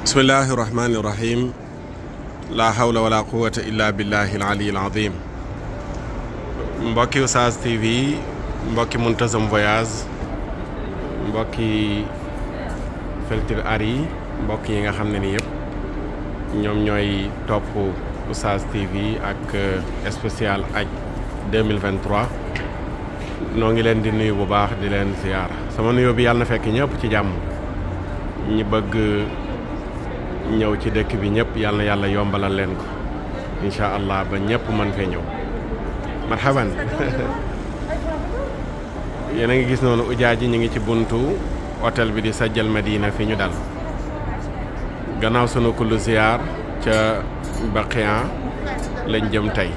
bismillahi rahmaani rahim laa hawla wala quwata illa billahi al aliyyil azim mbokki Oustaz TV mbokki Muntazam Voyage mbokki Feltir ar yi mbokk yi nga xam ne ni yëpp ñoom ñooy topp Oustaz TV ak euh, spécial aj 2023 noo ngi leen di nuyu bu baax di leen ziyaar sama nuyoo bi yàlla na fekk ñëpp ci jàmm ñi bëgg ñëw ci dëkk bi ñëpp yàlla yàlla yombalal leen ko incha allah ba ñëpp mën fee ñëw marhaban yéen a ngi gis noonu ujaa ji ñu ngi ci buntu hôtel bi di sa sajjal madina fi ñu dal gannaaw sunu kullu ziyaar ca baqiyan lañ jëm tey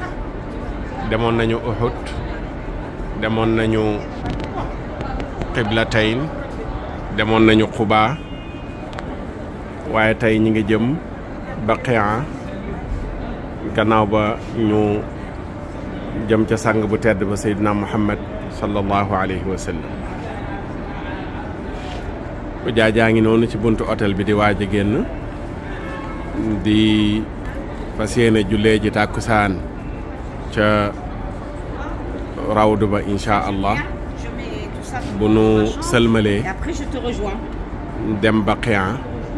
demoon nañu Uhud demoon nañu Qiblatayn demoon nañu Quba waaye tey ñi ngi jëm Baqiya gannaaw ba ñu jëm ca sàng bu tedd ba Seydina Muhammad sallallahu alayhi wa sallam jaa ngi noonu ci buntu hôtel bi di waaj a génn di fas yéene jullee ji tàkkusaan ca rawdu ba incha allah bu nu sëlmalee dem Baqiya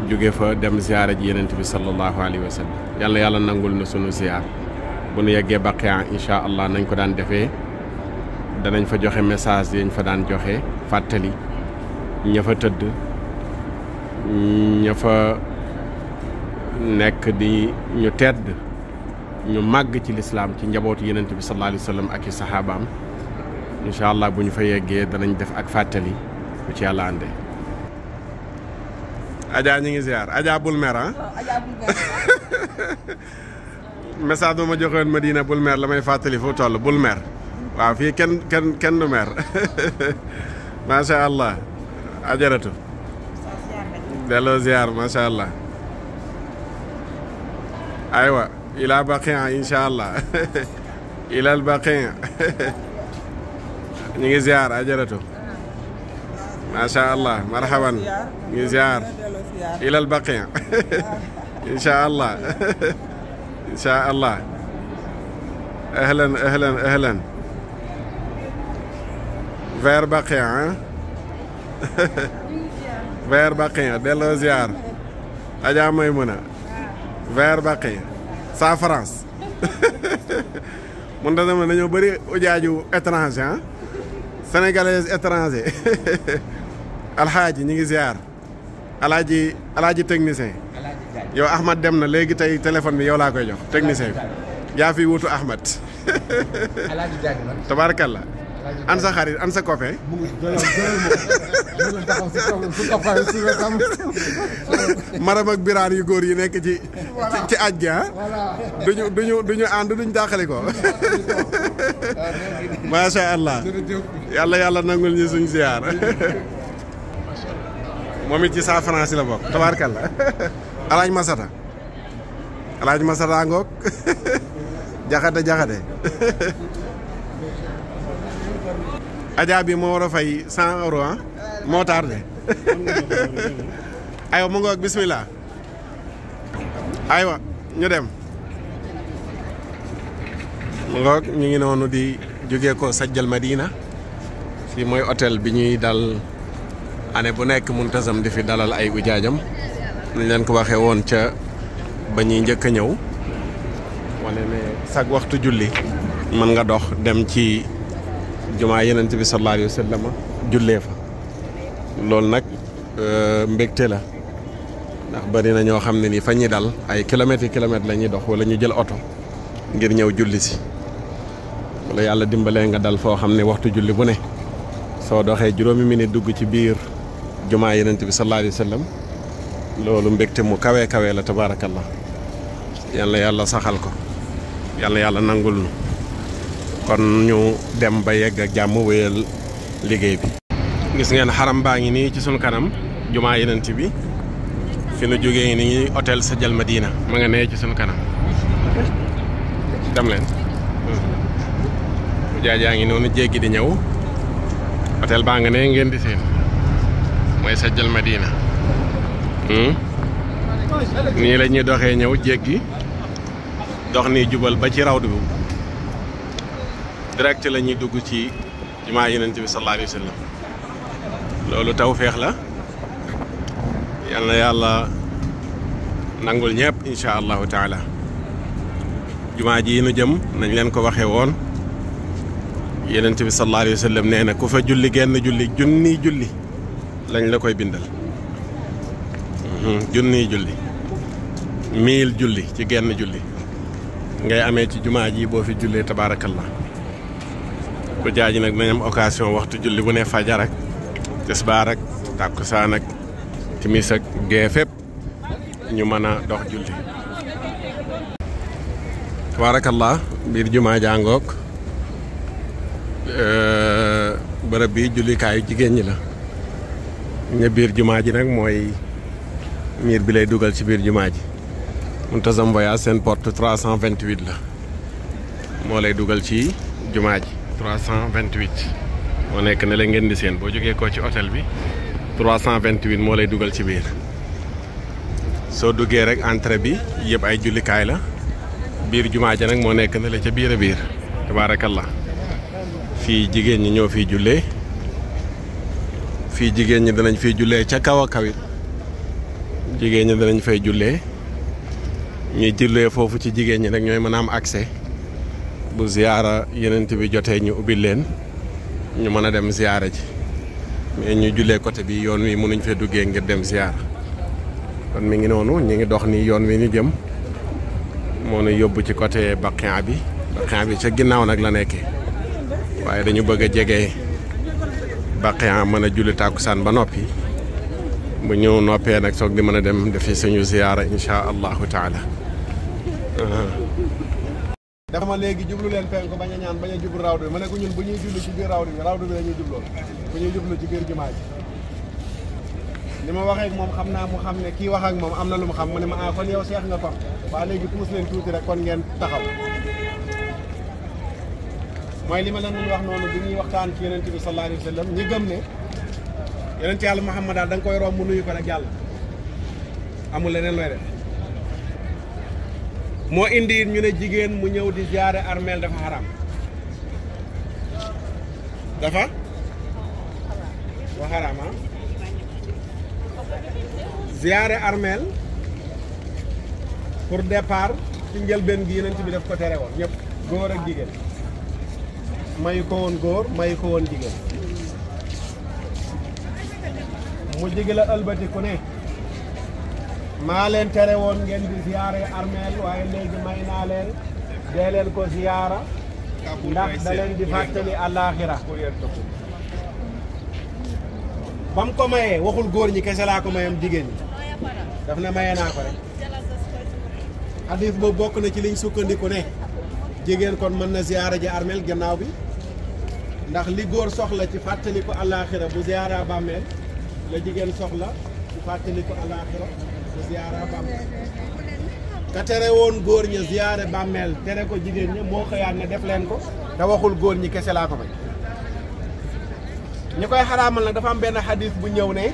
jóge fa dem ziyaara ji yenent bi sallallahu alayhi wa yàlla yàlla nangul na sunu ziyaar bu nu yeggee Baqiya incha allah nañ ko daan defee danañ fa joxe message yañ fa daan joxe fàttali ña fa tëdd ña fa nekk di ñu tedd ñu màgg ci lislaam ci njabootu yenent bi sallallahu alayhi wa sallam ak i saxaabaam incha allah bu ñu fa yeggee danañ def ak fàttali bu ci yàlla àndee Adja ñu ngi ziar Adja bul mer ah. message bu ma joxoon Madina bul mer la may fàttali fu toll bul mer waaw fii kenn kenn kenn du mer macha allah ajaratu. delloo ziar macha allah. aywa ila baqiya incha allah ilal baqiya ñu ngi ziar ajaratu. macha allah marhaban ñu ziar ilal baqiya incha allah incha allah ahlan ahlan ahlan vers baqiya ah vers baqiya delloo ziar Adja Maymuna vers baqiya sa France mun dana ma dañoo bëri ujaaju étranger ah sénégalaise étranger alxaaji ñi ngi ziar alaaji alaaji technicien yow Ahmad dem na léegi tey téléphone bi yow laa koy jox technicien bi yaa fi wutu Ahmad tabaarakallah an sa xarit an sa copain maram ak biraan yu góor yi nekk ci ci aj gi ah duñu duñu duñu ànd duñu dàqali ko macha allah yàlla yàlla nangul ñu suñ ziar moom it ci cent francs yi la bokk tabaarkalla alaaj masata alaaj masata ngoog jaxate jaxate ajaa bi moo war a fay ah. moo tardé aywa mu ngoog bismillah ñu dem mu ñu ngi noonu di jóge ko sajjal madina fii mooy hôtel bi ñuy dal année bu nekk muntasam di fi dalal ay ujaajam nañ leen ko waxee woon ca ba ñuy njëkk a ñëw wane ne sag waxtu julli mën nga dox dem ci jumaa Yonent bi sallallahu alayhi wa sallam jullee fa loolu nag euh, mbégte la ndax bari na ñoo xam ne nii fa ñi dal ay kilomètres yi kilomètres la dox wala ñu jël oto ngir ñëw julli si wala yàlla dimbalee nga dal foo xam ne waxtu julli bu ne soo doxee juróomi minute dugg ci biir jumaa yenent bi sallallahu alayhi wa loolu mbégte mu kawe kawe la tabaarakallah yàlla yàlla saxal ko yàlla yàlla nangul nu kon ñu dem ba yegg ak jàmm wéyal liggéey bi gis ngeen xaram baa ngi nii ci sunu kanam jumaa yenent bi fi nu jógee ni ngi hôtel Sajal Madina ma nga nee ci sunu kanam dem leen jaajaa ngi noonu jéggi di ñëw otel baa nga ne ngeen di seen mooy sajjal Madina hmm? nii la ñuy doxee ñëw jéggi dox ni jubal ba ci rawdu bi direct la ñuy dugg ci jumaa yonent bi sallallahu alayhi wa sallam loolu tawféex la yal na yàlla nangul ñëpp incha allahu taala jumaa ji nu jëm nañ leen ko waxee woon yonent bi sallallahu alayhi wa sallam nee na ku fa julli genn julli junni julli lañ la koy bindal mhm. junniy julli mille julli ci genn julli ngay amee ci jumaa ji boo fi jullee tabaarakallah ku ji nag nañ am occasion waxtu julli bu ne fajar ak tisbaar ak tàkkusaan ak fépp ñu mën a dox julli tabaarakallah biir jumaa jàngook eh, bërëb bi jullikaayu jigéen ñi la ne biir jumaa ji nag mooy miir bi lay dugal ci biir jumaa ji Muntazam Voyage seen porte 328 la moo lay dugal ci jumaa ji 328 moo nekk ne la ngeen di seen boo jógee ko ci hôtel bi 328 moo lay dugal ci biir soo duggee rek entrée bi yëpp ay jullikaay la biir jumaa ji nag moo nekk ne la ca biir a biir tabaarakallah fii jigéen ñi ñoo fiy jullee fii jigéen ñi danañ fay jullee ca kaw a kawit jigéen ñi danañ fay jullee ñuy jullee foofu ci jigéen ñi rek ñooy mën a am accès bu ziyaara yeneent bi jotee ñu ubbi leen ñu mën a dem ziyaara ji mais ñu jullee côté bi yoon wi mënuñ fee duggee ngir dem ziyaara kon mi ngi noonu ñu ngi dox ni yoon wi ñu jëm moo nu yóbbu ci côté Baqiya bi Baqiya bi ca ginnaaw nag la nekkee waaye dañu bëgg a jege baqiyan mën a julli tàkkusaan ba noppi bu ñëw noppee nag soog di mën a dem defi suñu ziyaara insha allahu taala dafa ma léegi jublu leen penku bañ a ñaan bañ a jublu rawdu bi ma ne ko ñun bu ñuy jublu ci biir jumaa ji li ma waxee moom xam naa mu xam ne kii wax moom am na lu mu xam mu ne ma ah kon seex nga kon waa léegi puus leen tuuti rek kon ngeen taxaw mooy li ma leen di wax noonu bi ñuy waxtaan ci yonent bi sallallahu alayhi wa sallam ñi gëm ne yonent yàlla Muhammad daal da nga koy romb nuyu ko rek jàll amul leneen looy def moo indi it ñu ne jigéen mu ñëw di ziyaare armeel dafa xaraam dafa wa xaraam ah armeel pour départ ci njëlbeen gi yonent bi daf ko tere woon ñëpp góor ak jigéen mayu ko woon góor mayu ko woon jigéen mu jigi la ëlbatiku ne maa leen tere woon ngeen di ziyaare armeel waaye léegi may naa leen dee leen ko ziyaara ndax da leen di fàttali àllaaxira ba mu ko mayee waxul góor ñi kese laa ko mayam jigéen ñi daf ne maye naa ko rek hadis boobu bokk na ci liñ sukkandiku ne jigéen kon mën na ziyaara ji armeel gannaaw bi ndax li góor soxla ci fàttaliku àllaaxira bu ziyaara bàmmeel la jigéen soxla ci fàttaliku àllaaxira bu ziyaara bàmmeel ka tere woon góor ña ziyaare bàmmeel tere ko jigéen ña moo xëyaat ne def leen ko te waxul góor ñi kese laa ko fay ñi koy xaraamal nag dafa am benn xadis bu ñëw ne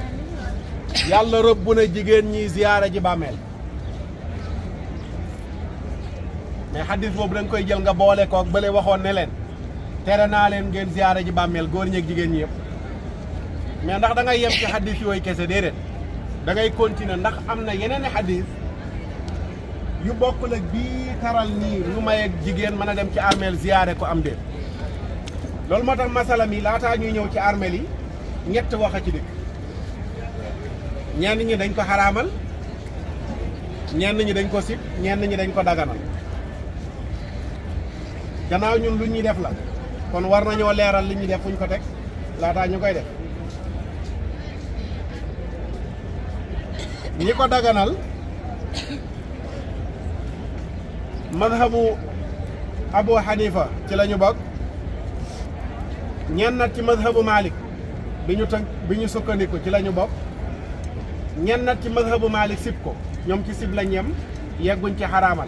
yàlla rëbb na jigéen ñiy ziyaara ji bàmmeel mais xadis boobu dañ koy jël nga boole kook bële waxoon ne leen tere naa leen ngeen ziyaare ji bàmmeel góor ñeeg jigéen ñi yëpp ndax danga yem ci xadis yooyu kese déedéet da ngay continuer ndax am na yeneen i xadis yu bokk la bii taral nii lu mayeeg jigéen mën a dem ci armeel ziyaare ko am déet loolu moo tax masala mi laataa ñuy ñëw ci armeel yi ñett wax a ci dëkk ñenn ñi dañ ko xaraamal ñenn ñi dañ ko sib ñenn ñi dañ ko daganal gannaaw ñun lu ñuy def la kon war nañoo leeral li ñuy def fuñ ko teg laataa ñu koy def ñi ko daganal madhabu abu hanifa ci la ñu bokk ñenn nag ci madhabu malik bi ñu tënk bi ñu sukkandiku ci lañu ñu bokk ñenn nag ci madhabu malik sib ko ñoom ci sib la ñem yegguñ ci xaraamal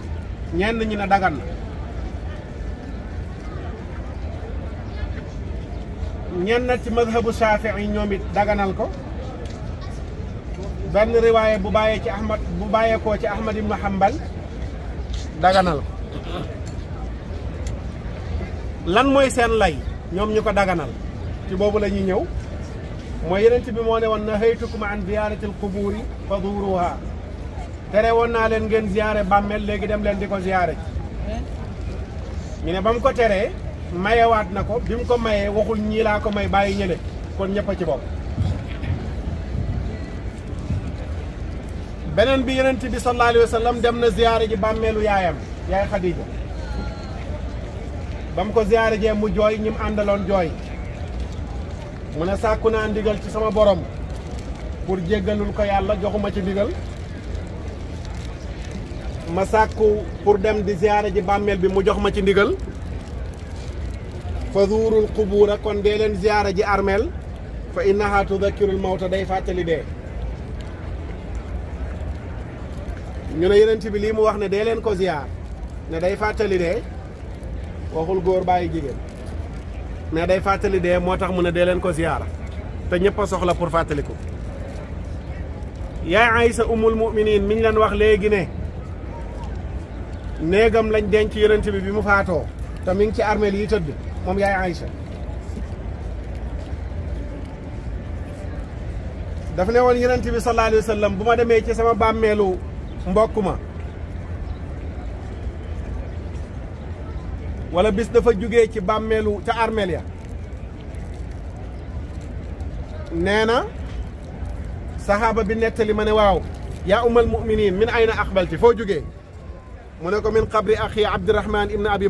ñenn ñi ne dagan ñenn ci mazhabu Shaafi'i ñoom it daganal ko benn riwaaye bu bàyyee ci Ahmad bu bàyyeekoo ci Ahmad ibnu Hanbal daganal ko lan mooy seen lay ñoom ñu ko daganal ci boobu la ñuy ñëw mooy yeneen bi moo ne woon na haytukum an ziyaaratil qubuuri fa duuruha tere woon naa leen ngeen ziyaare bàmmeel léegi dem leen di ko ziyaare ñu ne ba ko teree mayewaat na ko bi mu ko mayee waxul ñii laa ko may bàyyi ñële kon ñëpp a ci bopp beneen bi yonent bi sallallahu alayhi wa dem na ziyaare ji bàmmeelu yaayam yaay Xadija ba mu ko ziyaare jee mu jooy ñi mu jooy mu ne sàkku naa ndigal ci sama borom pour jéggalul ko yàlla joxuma ci ndigal ma sàkku pour dem di ziyaare ji bàmmeel bi mu jox ma ci ndigal fa zuurul qubuura kon dee leen ziyaara ji armeel fa innaha tudakirul mawta day fàttali dee ñu ne yeneen bi lii mu wax ne dee leen ko ziyaar ne day fàttali dee waxul góor bàyyi jigéen mais day fàttali dee moo tax mu ne dee leen ko ziyaara te ñëpp a soxla pour fàttaliku yaay Aysa umul muminin mi ñu leen wax léegi ne néegam lañ denc yonent bi bi mu faatoo te mi ngi ci armeel yi tëdd moom yaay Aïcha dafa ne woon yonent bi sallallahu alayhi wa sallam bu ma demee ci sama bàmmeelu mbokk ma wala bis dafa jugee ci bàmmeelu ca armeel ya nee na saxaaba bi nettali ma ne waaw yaa umal muminin min ayna aqbalti foo jugee mu ne ko min qabri axi abdirahman ibn abi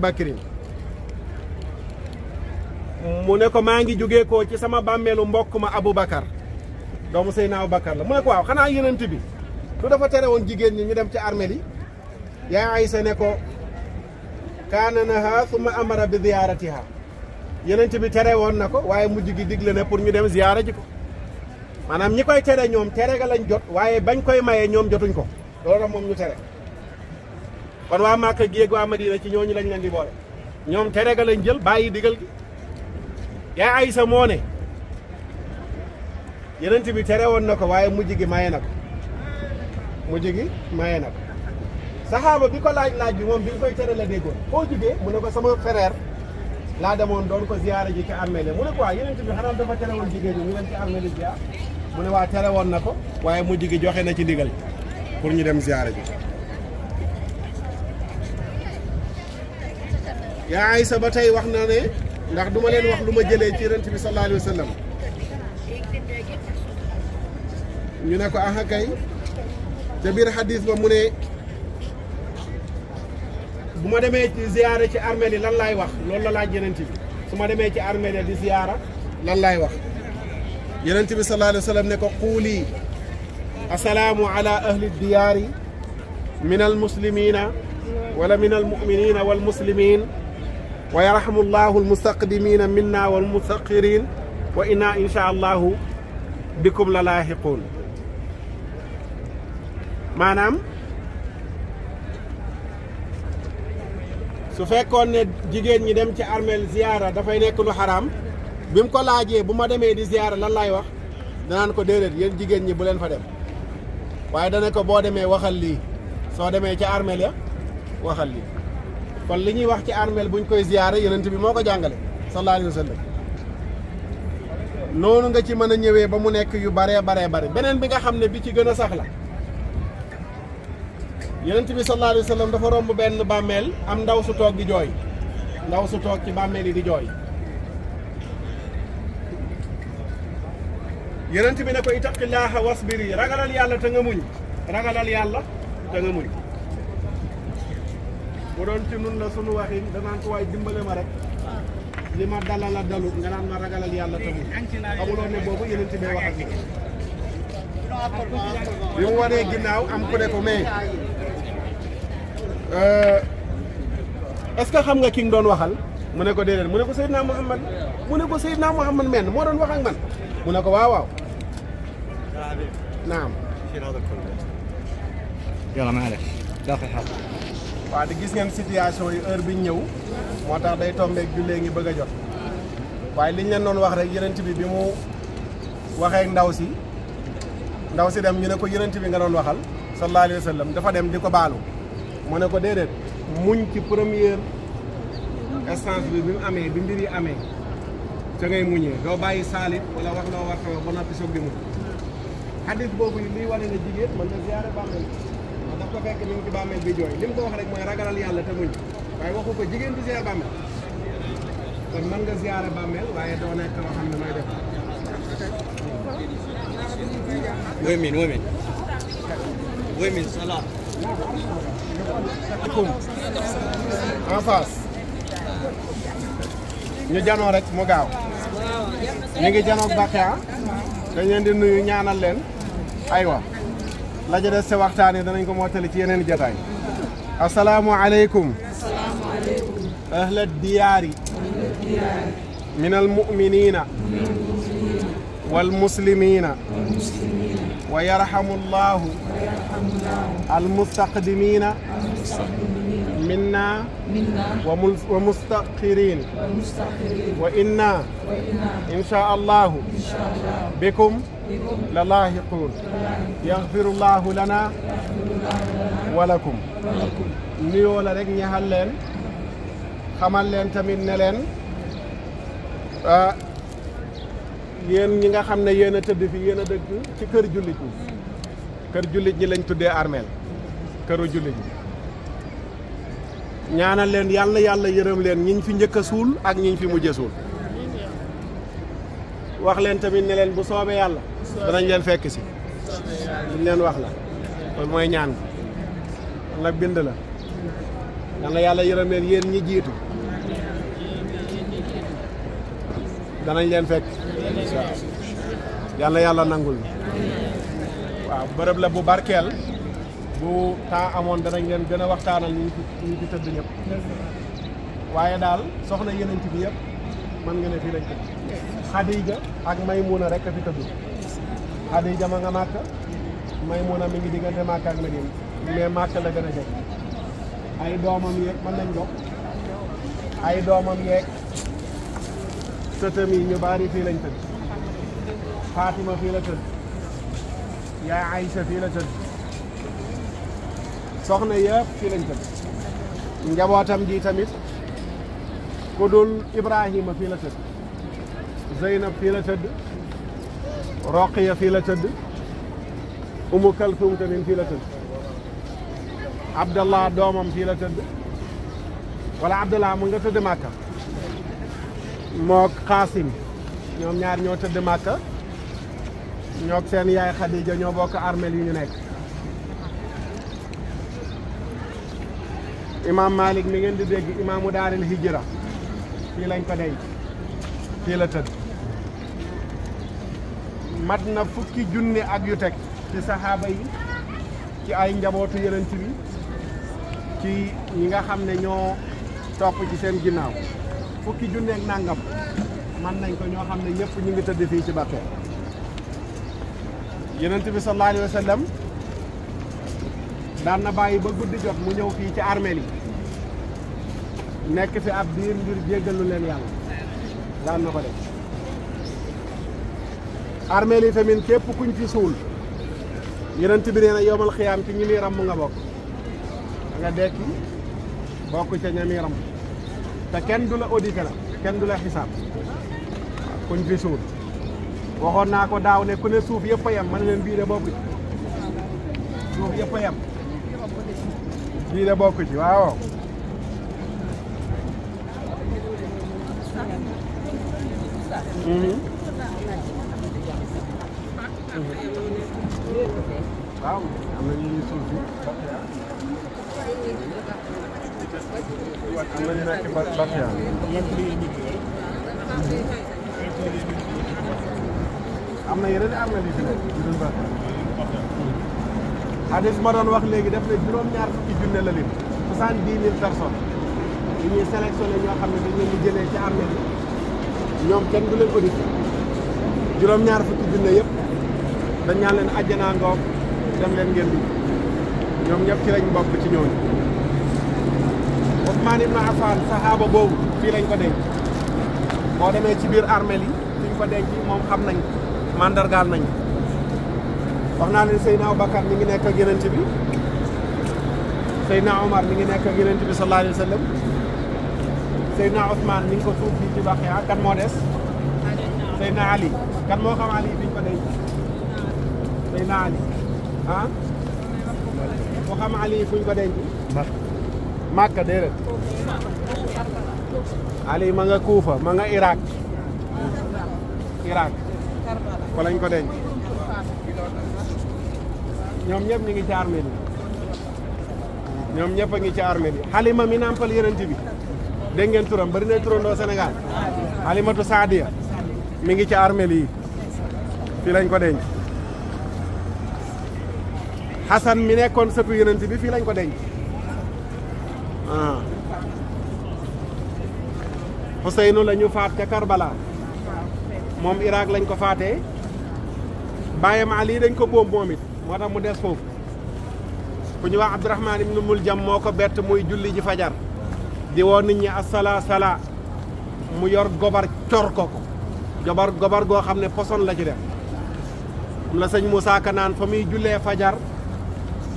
mu ne ko maa ngi jógee ko ci sama bàmmeelu mbokk ma Aboubacar doomu Seyna Aboubacar la mu ne ko waaw xanaa yonent bi lu dafa tere woon jigéen ñi ñu dem ci armeel yi yaa Aysa ne ko kaana naha summa amara bi ziyaaratiha yonent bi tere woon na ko waaye mujj gi digle ne pour ñu dem ziyaara ji ko maanaam ñi koy tere ñoom tere ga lañ jot waaye bañ koy mayee ñoom jotuñ ko loolu moom ñu tere kon waa Màkka gi ak waa Madina ci ñooñu lañ leen di boole ñoom tere ga lañ jël bàyyi digal gi yaay Aysa moone ne yenent bi tere woon na ko waaye mujj gi maye na ko mujj gi maye na ko saxaaba bi ko laaj laaj bi moom bi koy tere la déggoon foo jugee mu ne sama frère laa demoon doon ko ziyaara ji ci armeel mu ne ko waa yenent bi xanaa dafa tere woon jigéen ñi ñu dem ci armeel ziyaar mu waa tere woon na ko waaye mujj gi joxe na ci ndigal pour ñu dem ziyaara ji yaa Aysa ba tey wax na ne ndax du ma leen wax lu ma jëlee ci yonent bi sallallahu alayhi wa sallam ko aha kay ca biir xadis ba mu ne bu ma demee ci ziyaara ci armeel yi lan laay wax loolu la laaj yonent bi su ma demee ci armeel yi di ziyaara lan laay wax yonent bi sallallahu alayhi wa sallam ne ko quuli asalaamu ala ahli diyaari min al muslimina wala min al muminina wal muslimin wa yarhamu llahu almustaqdimina minna walmustaqirin wa inna insha allahu bikum la laahiquun maanaam su fekkoon ne jigéen ñi dem ci armeel ziyaara dafay nekk lu xaraam bi mu ko laajee bu ma demee di ziyaara lan laay wax danaan ko déedéet yéen jigéen ñi bu leen fa dem waaye dana ko boo demee waxal lii soo demee ci armeel ya waxal kon li ñuy wax ci armeel buñ koy ziyaare yonent bi moo ko jàngale sallallahu alayhi wa sallam noonu nga ci mën a ñëwee ba mu nekk yu baree baree bare beneen bi nga xam ne bi ci gën a sax la yonent bi sallallahu alayhi wa sallam dafa romb benn bàmmeel am ndaw su toog di jooy ndaw su toog ci bàmmeel yi di jooy yonent bi ne ko ittaqillaaha wasbiri ragalal yàlla te nga muñ ragalal yàlla te nga muñ bu doon ci nun la sunu waxin danaan ko waay dimbale ma rek ah. li ma dalal a dalu nga naan ma ragalal yàlla tamit xamuloo ne boobu yeneen ci bee wax ak bi mu waree ginnaaw am ku ne ko mais euh, est-ce que xam nga ki doon waxal mu ne ko déedéet mu ne ko Seydina Mouhamad mu ne ko Seydina Mouhamad men moo doon wax ak mu ne ko waaw naam. waaw di gis ngeen situation yi heure bi ñëw moo tax day tombeeg jullee ngi bëgg a jot waaye liñ leen doon wax rek yonent bi bi mu waxee ndaw si ndaw si dem ñu ne ko yonent bi nga doon waxal sallallahu alayhi wa sallam dafa dem di ko baalu mu ne ko déedéet muñ ci première instance bi bi mu amee bi mbir yi amee ca ngay muñee doo bàyyi saalit wala wax loo war ba noppi soog muñ xadis boobu liy wane ne jigéen mën na ziyaare bàmmeel daf ko fekk ñu ngi ci bàmmeel bi jooy li wax rek mooy ragalal yàlla te muñ waaye waxu ko jigéen du ziar bàmmeel kon mën nga ziare bàmmeel waaye doo nekk loo xam ne mooy def women women women salam en face ñu janoo rek mu gaaw ñu ngi janoog Bakhia dañ di nuyu ñaanal leen aywa la ja des sa waxtaan yi danañ ko mottali ci yeneen jotaay asalaamualeykum ahla diyaari min almuminina والمسلمين ويرحم الله المستقدمين منا ومستقرين وإنا إن شاء الله بكم للاهقون يغفر الله لنا ولكم nuyoo la rek ñaxal leen xamal leen tamit ne leen ah, yéen ñi nga xam ne yéen a tëdd fi a dëkk ci kër jullit ñi kër jullit ñi lañ tuddee armeel këru jullit ñi ñaanal leen yàlla yàlla yërëm leen ñiñ fi njëkk a suul ak ñiñ fi mujj a wax leen tamit ne leen bu soobee yàlla danañ leen fekk si leen wax la mooy ñaan kon nag la yal yàlla yërëm leen yéen ñi jiitu danañ leen fekk waaw yal na yàlla nangul waaw bërëb la bu barkeel bu temps amoon danañ leen gën a waxtaanal ñu ñu ci tëdd ñëpp waaye daal soxna yeneen ci bi yëpp mën nga ne fii lañ tëdd Xadija ak Maymuna rek a fi tëdd Adi dama nga màkk Maymuna mi ngi diggante màkk ak Madina mais màkk la gën a ay doomam yeeg ma nañ dox ay doomam yeeg sëtëm yi ñu bari fii lañ tëdd Fatima fii la tëdd yaay Aïcha fii tëdd soxna yëpp fii njabootam ji tamit ku dul Ibrahima fii la tëdd Zeynab fii tëdd Roqiya fii la tëdd Umu Kalsum tamit fii la tëdd Abdallah doomam fii la wala Abdallah mu tëdd Màkka mook Xaasim ñoom ñaar ñoo tëdd Màkka ñook seen yaay Xadija ñoo bokk armel yu ñu nekk imaam Malik mi ngeen di dégg imaamu daaril hijra fii lañ mat na fukki junne ak yu teg ci saxaaba yi ci ay njabootu yenent bi ci ñi nga xam ne ñoo topp ci seen ginnaaw fukki junne ak nàngam man nañ ko ñoo xam ne ñëpp ñu ngi tëdd fii ci bàkkeel yenent bi sallallahu alayhi wa sallam daan na bàyyi ba guddi jot mu ñëw fii ci armeel yi nekk fi ab diir ngir jéggalu leen yàlla daan na ko armeel yi tamit képp kuñ fi suul yonent bi nee na yomal xiyaam ci ñi muy ràmm nga bokk da nga dekki bokk ca ña muy kenn du la audité kenn du la xisaab kuñ fi suul waxoon naa ko daaw ne ku ne suuf yëpp a yem ma ne leen bii de bokk ci suuf yëpp a yem bii de bokk ci waaw mhm. waaw am na ñu ngi suuf bi am na ñu nekk Bacchane. am na yeneen am na li fi nekk juróom Bacchane. hadis ma doon wax léegi def na juróom-ñaar fukki junne la lim soixante-dix mille personnes yi ñuy sélectionné ñoo xam ne dañu leen di jëlee ci armée ñoom kenn du leen audité. juróom-ñaar fukki junne yëpp dañ ñaan leen ajjanaa ngoog dem leen ngeen ñoom ñëpp ci lañ bokk ci ñooñu Ousmane Ibn Affan saxaaba boobu fii lañ ko denc boo demee ci biir armeel yi fi ko denc moom xam nañ mandargaal nañ wax naa leen Seydina Aboubacar mi ngi nekk ak Yonent bi Seydina Omar mi ngi nekk ak Yonent bi sallallahu alayhi wa sallam Seydina Ousmane mi ngi ko suuf fii ci Baqiya kan moo des Seydina Ali kan moo xam Ali ko denc ah? fuñ ko denc Makka déedéet Ali ma nga Kuufa ma nga Irak Irak fa lañ ko denc ñoom ñëpp ñu ngi ci ñoom ñëpp a ngi ci bi Halima mi nampal yërënti bi dégg ngeen turam bari na turandoo Sénégal Halimatu Saadiya mi ngi ci armel yi fi ko denc Xasan mi nekkoon sëtu yonent bi fii lañ ko denc ah Xuseynu la ñu faat ca Karbala moom Irak lañ ko faatee bàyyam Ali dañ ko bóom moom moo tax mu des foofu ku ñu wax Abdurahmaan ibnu Muljam moo ko bett muy julli ji fajar di woo nit ñi mu yor gobar cor gobar gobar goo xam ne poson la ci def am la sëñ Moussa Ka naan fa muy jullee fajar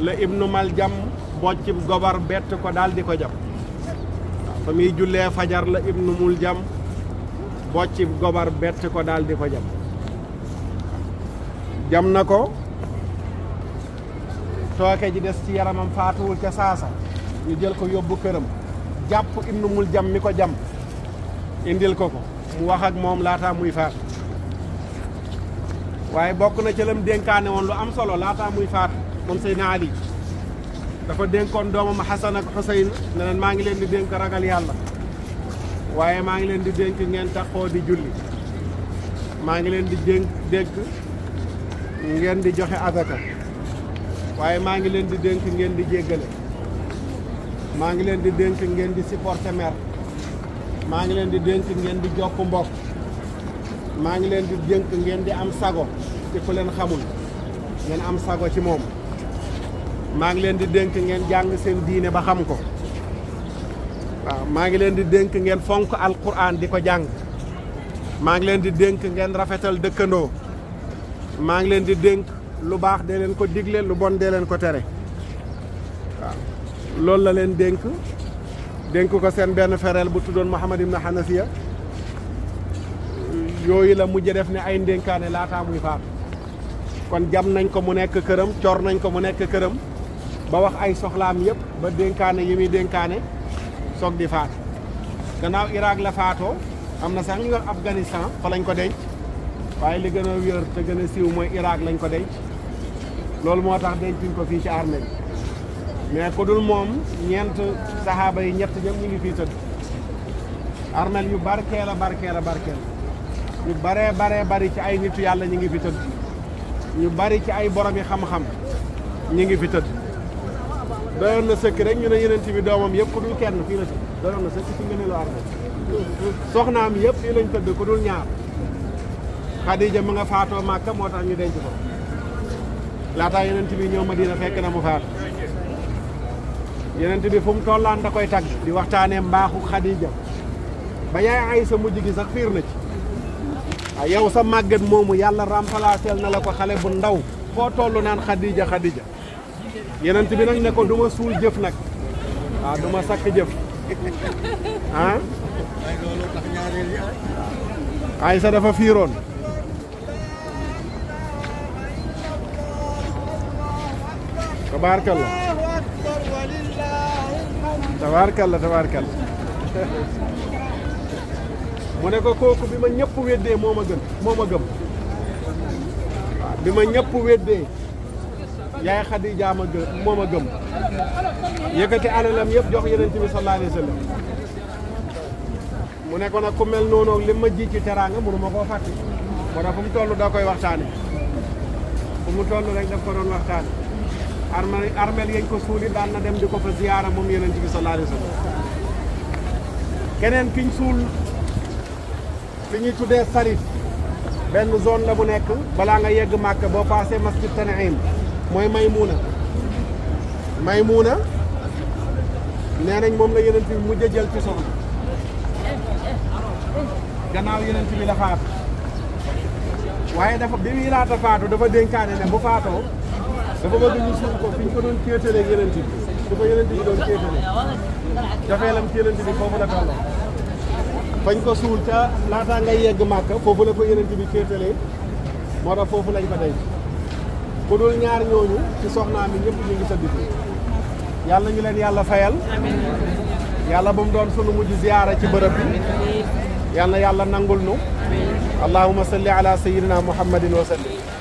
la ibnu maljam boccib gobar bett ko daal ko jam waaw fa fajar la ibnu muljam boccib gobar bett ko daal di ko jam jam na ko tooke ji des ci yaramam faatuwul ca saasa ñu jël ko yóbbu këram jàpp ibnu muljam mi ko jam indil ko ko mu wax moom laata muy faatu waaye bokk na ca lam dénkaane woon lu am solo laataa muy faatu moom Seydina Ali dafa dénkoon doomam Xasan ak Xuseyn ne leen maa ngi leen di dénk ragal yàlla waaye maa ngi leen di dénk ngeen taxoo di julli maa ngi leen di dénk dénk ngeen di joxe azaka waaye maa ngi leen di dénk ngeen di jéggale maa ngi leen di dénk ngeen di supporter mer maa ngi leen di dénk ngeen di jokk mbokk maa ngi leen di dénk ngeen di am sago ci ku leen xamul ngeen am sago ci moom maa ngi leen di dénk ngeen jàng seen diine ba xam ko waaw maa ngi leen di dénk ngeen fonk alquran di ko jàng maa ngi leen di dénk ngeen rafetal dëkkandoo maa ngi leen di dénk lu baax dee leen ko digle lu bon dee leen ko tere waaw loolu la leen dénk dénk ko seen benn fereel bu tuddoon Muhammad ibn Hanafiya yooyu la mu def ne ay ndénkaane laataa muy faatu kon jam nañ ko mu nekk këram coor nañ ko mu nekk këram ba wax ay soxlaam yëpp ba dénkaane yi muy dénkaane soog di faatu gannaaw Irak la faatoo am na sax ñu wax Afghanistan fa ko denc waaye li gën a wér te gën siw mooy Irak lañ ko denc loolu moo tax dencuñ ko fii ci armée mais ku moom ñeent saxaaba yi ñett ñëpp ñu ngi fii tëdd armel yu barkeel a barkeel a barkeel ñu baree baree bari ci ay nitu yàlla ñu ngi fi tëdd ñu bari ci ay borom yi xam-xam ñu ngi fi tëdd doyoon na sëkk rek ñu ne yeneen bi doomam yëpp ku dul kenn fii la tëdd doyoon na sëkk ci ngëneelu armel soxnaam yëpp fii lañ tëdd ku dul ñaar Xadija mu nga faatoo Màkka moo tax ñu denc ko laataa yeneen bi ñëw ma fekk na mu faatu yeneen bi fu mu tollaan da koy tagg di waxtaanee mbaaxu xadija ba yaay Aysa mujj gi fiir na ci waaw yow sa màgget moomu yàlla remplaceel na la ko xale bu ndaw foo toll naan xadija xadija yenent bi nag ne ko du suul jëf nag waaw ah, du ma sakk jëf ah Aysa dafa fiiroon tabaarkalla tabaarkalla tabaarkalla mu ne ko kooku bi ma ñëpp weddee moo ma gën moo ma gëm bi ma ñëpp weddee yaay Xadija ma gëm moo ma gëm yëkkati alalam yëpp jox Yonent bi sallallahu alayhi wa mu ne ko nag ku mel noonu li ma ji ci teraanga mënu ma ko fàtte moo tax fu mu toll da koy waxtaane fu mu toll rek daf ko doon waxtaane armel armel yañ ko suuli daan na dem di ko fa ziyaara moom yonent bi sallallahu alayhi wa sallam keneen kiñ suul fi ñuy tuddee Sarif benn zone la bu nekk balaa nga yegg Màkka boo paasee masjid Tan'im mooy Maymuuna Maymuuna nee nañ moom la yonent bi mujj a jël ci soxna gannaaw yonent la faatu waaye dafa bi muy laata faatu dafa dénkaane ne bu faatoo dafa bëgg ñu ko fi ñu ko doon kéetale ak yeneen ko yeneen bi doon kéetale jafeelam ci la toll bañ ko suul ca laataa ngay yegg màkka foofu la ko yeneen bi kéetalee moo tax foofu lañ ko denc ku dul ñaar ñooñu ci soxnaam yi ñëpp ñu ngi sa biti yàlla ñu leen yàlla fayal yàlla bu mu doon sunu mujj ziyaara ci bërëb bi yàlla yàlla nangul nu allahumma salli ala sayyidina muhammadin wa sallim